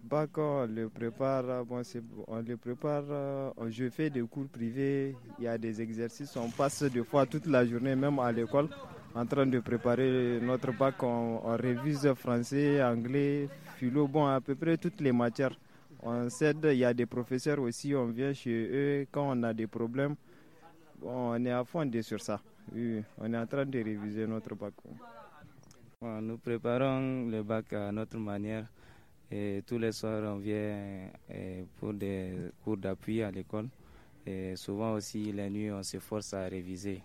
bac, on le prépare, on le prépare, euh, je fais des cours privés, il y a des exercices, on passe des fois toute la journée, même à l'école, en train de préparer notre bac, on, révise français, anglais, philo, bon, à peu près toutes les matières. On cède, il y a des professeurs aussi, on vient chez eux quand on a des problèmes. on est à fond sur ça. on est en train de réviser notre bac. nous préparons le bac à notre manière tous les soirs, on vient eh, pour des cours d'appui à l'école. Et souvent aussi, la nuit, on se force à réviser.